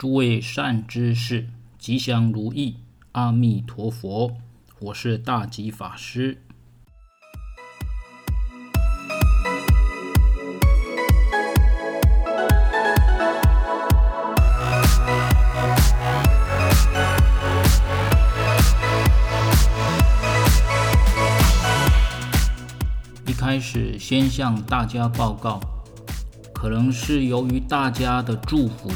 諸位善知識，吉祥如意，阿彌陀佛。我是大寂法師。一開始先向大家報告，可能是由於大家的祝福。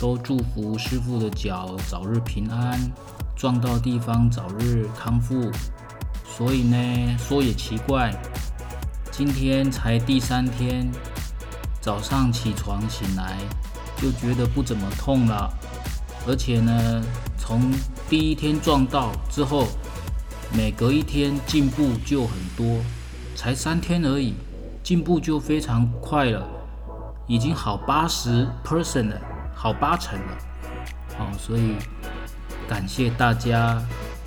都祝福師父的腳早日平安，撞到地方早日康復。所以呢，說也奇怪，今天才第三天，早上起床醒來就覺得不怎麼痛了。而且呢，從第一天撞到之後，每隔一天進步就很多。才三天而已，進步就非常快了，已經好八十 percent 了。好八成了，好。哦，所以感謝大家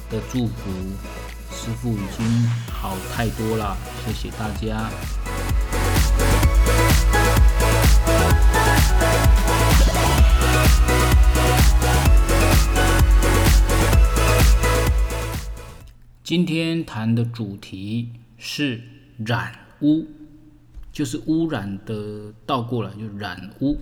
的祝福，師父已經好太多了，謝謝大家。今天談的主題是染污，就是污染的倒過來，就染污。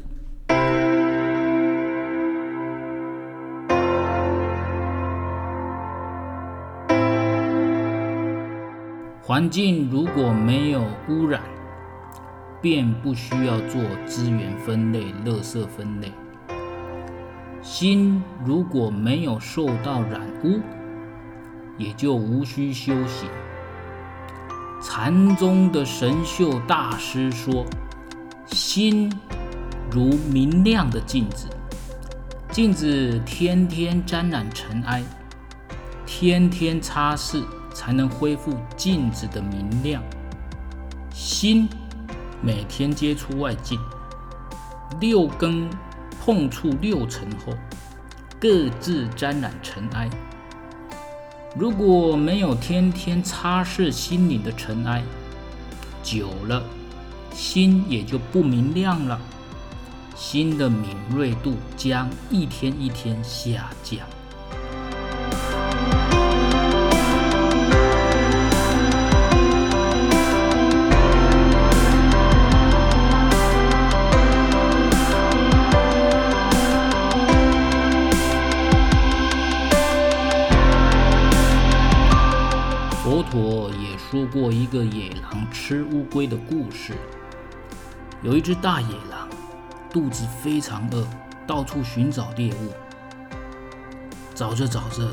環境如果沒有污染，便不需要做資源分類、垃圾分類。心如果沒有受到染污，也就無需修行。禪宗的神秀大師說：“心如明亮的鏡子，鏡子天天沾染塵埃，天天擦拭。”才能恢復鏡子的明亮。心每天接觸外境，六根碰觸六塵後，各自沾染塵埃。如果沒有天天擦拭心靈的塵埃，久了心也就不明亮了。心的敏銳度將一天一天下降。龜的故事，有一只大野狼，肚子非常餓，到處尋找獵物。找着找着，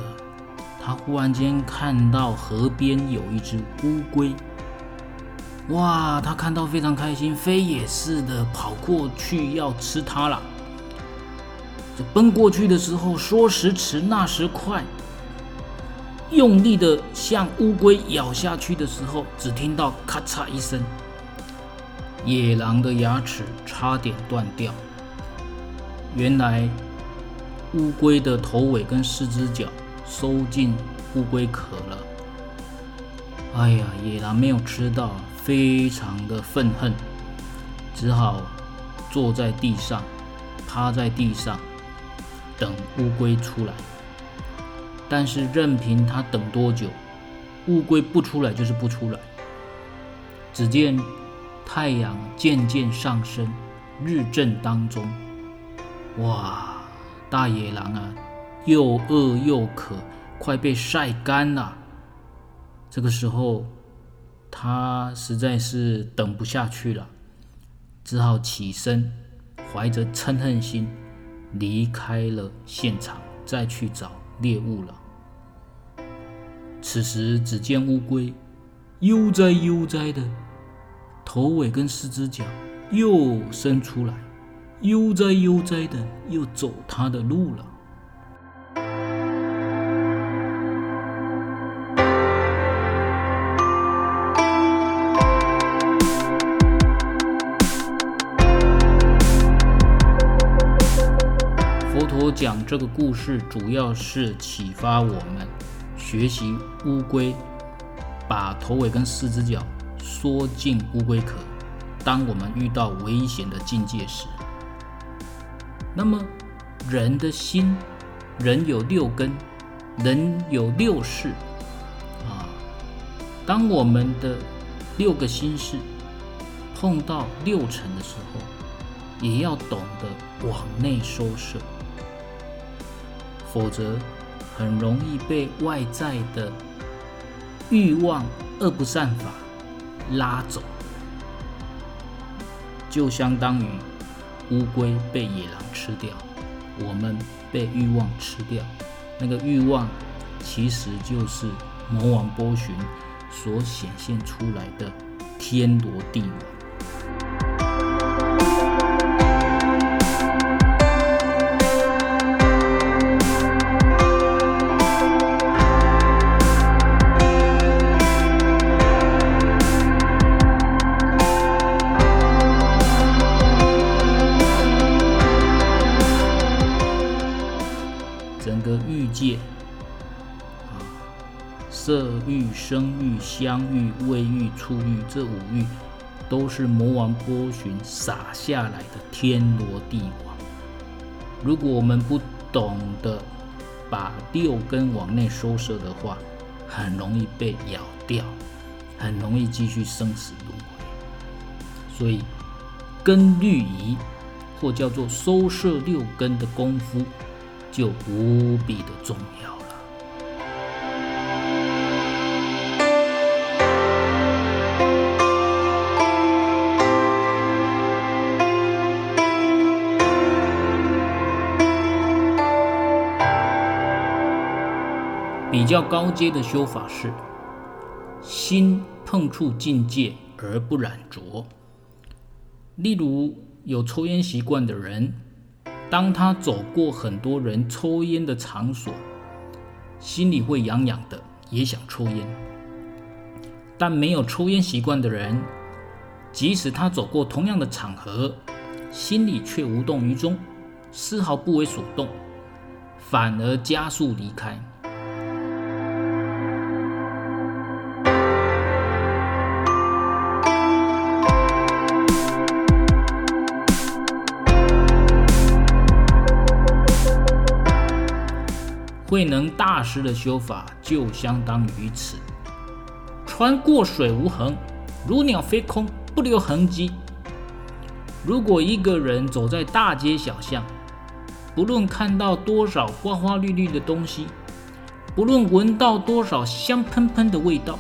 他忽然間看到河邊有一隻烏龜。哇，他看到非常開心，飛也似的跑過去要吃它了。這奔過去的時候，說時遲，那時快。用力的向烏龜咬下去的時候，只聽到咔嚓一聲，野狼的牙齒差點斷掉。原來烏龜的頭尾跟四只腳收進烏龜殼了。哎呀，野狼沒有吃到，非常的憤恨，只好坐在地上，趴在地上等烏龜出來。但是任憑他等多久，烏龜不出來就是不出來。只見太陽漸漸上升，日正當中，哇！大野狼啊，又餓又渴，快被曬乾了。這個時候，他實在是等不下去了，只好起身，懷着嗔恨心離開了現場，再去找獵物了。此時，只見烏龜悠哉悠哉的，頭尾跟四只腳又伸出來，悠哉悠哉的又走他的路了。佛陀講這個故事，主要是啟發我們。學習烏龜，把頭尾跟四只腳縮進烏龜殼,殼。當我們遇到危險的境界時，那麼人的心，人有六根，人有六識啊。當我們的六個心事碰到六塵的時候，也要懂得往內收攝，否則。很容易被外在的欲望、惡不善法拉走，就相當於烏龜被野狼吃掉，我們被欲望吃掉。那個欲望其實就是魔王波旬所顯現出來的天羅地網。的欲界，啊，色欲、聲欲、香欲、味欲、觸欲，這五欲都是魔王波旬撒下來的天羅地網。如果我們不懂得把六根往內收攝的話，很容易被咬掉，很容易繼續生死輪回。所以，根律儀，或叫做收攝六根的功夫。就無比的重要了。比較高階的修法是，心碰觸境界而不染着。例如有抽煙習慣的人。當他走過很多人抽煙的場所，心裡會癢癢的，也想抽煙。但沒有抽煙習慣的人，即使他走過同樣的場合，心裡卻無動於衷，絲毫不為所動，反而加速離開。慧能大師的修法就相當於此：船過水無痕，如鳥飛空，不留痕跡。如果一個人走在大街小巷，不論看到多少花花綠綠的東西，不論聞到多少香噴噴的味道，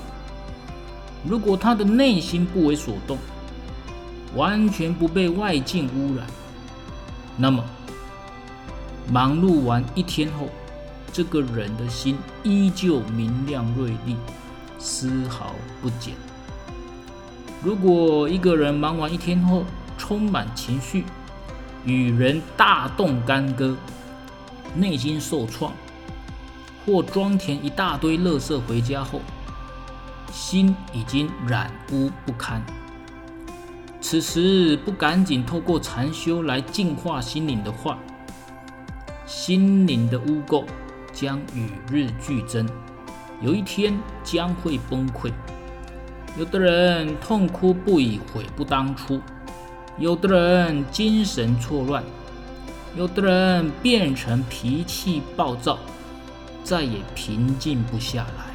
如果他的內心不為所動，完全不被外境污染，那麼忙碌完一天後，這個人的心依舊明亮銳利，絲毫不減。如果一個人忙完一天後，充滿情緒，與人大動干戈，內心受創，或裝填一大堆垃圾回家後，心已經染污不堪。此時不趕緊透過禪修來淨化心靈的話，心靈的污垢，將與日俱增，有一天將會崩潰。有的人痛哭不已，悔不當初；有的人精神錯亂；有的人變成脾氣暴躁，再也平靜不下來。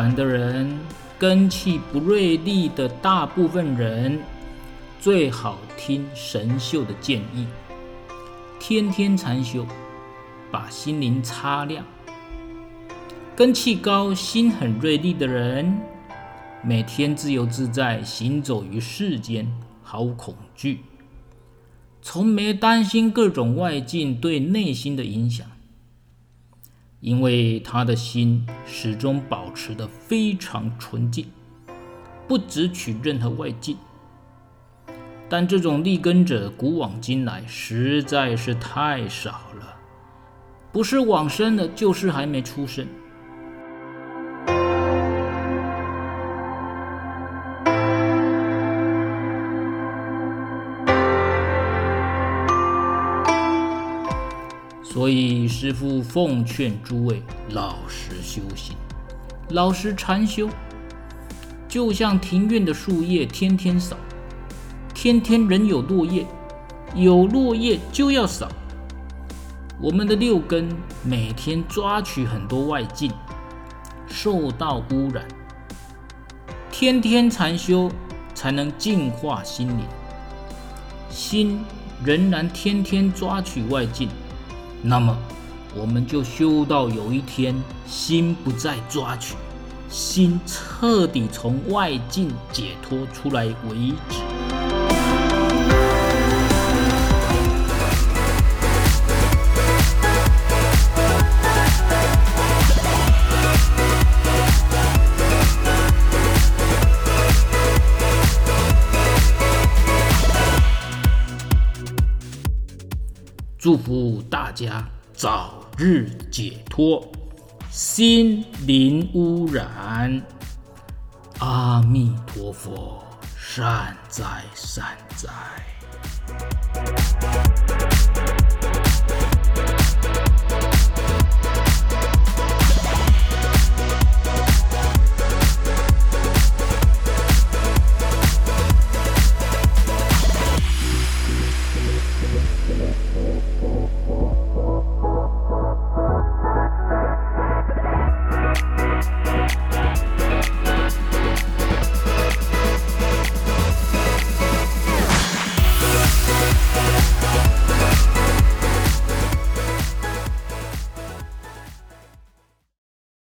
凡的人，根器不銳利的大部分人，最好聽神秀的建議，天天禪修，把心靈擦亮。根器高、心很銳利的人，每天自由自在行走於世間，毫無恐懼，從沒擔心各種外境對內心的影響。因為他的心始終保持得非常純淨，不執取任何外境。但這種利根者古往今來實在是太少了，不是往生了，就是還沒出生。所以，師父奉勸諸位老實修行，老實禪修，就像庭院的樹葉，天天掃，天天仍有落葉，有落葉就要掃。我們的六根每天抓取很多外境，受到污染，天天禪修才能淨化心靈。心仍然天天抓取外境。那麼，我們就修到有一天，心不再抓取，心徹底從外境解脫出來為止。祝福大家早日解脫心靈污染。阿彌陀佛，善哉善哉。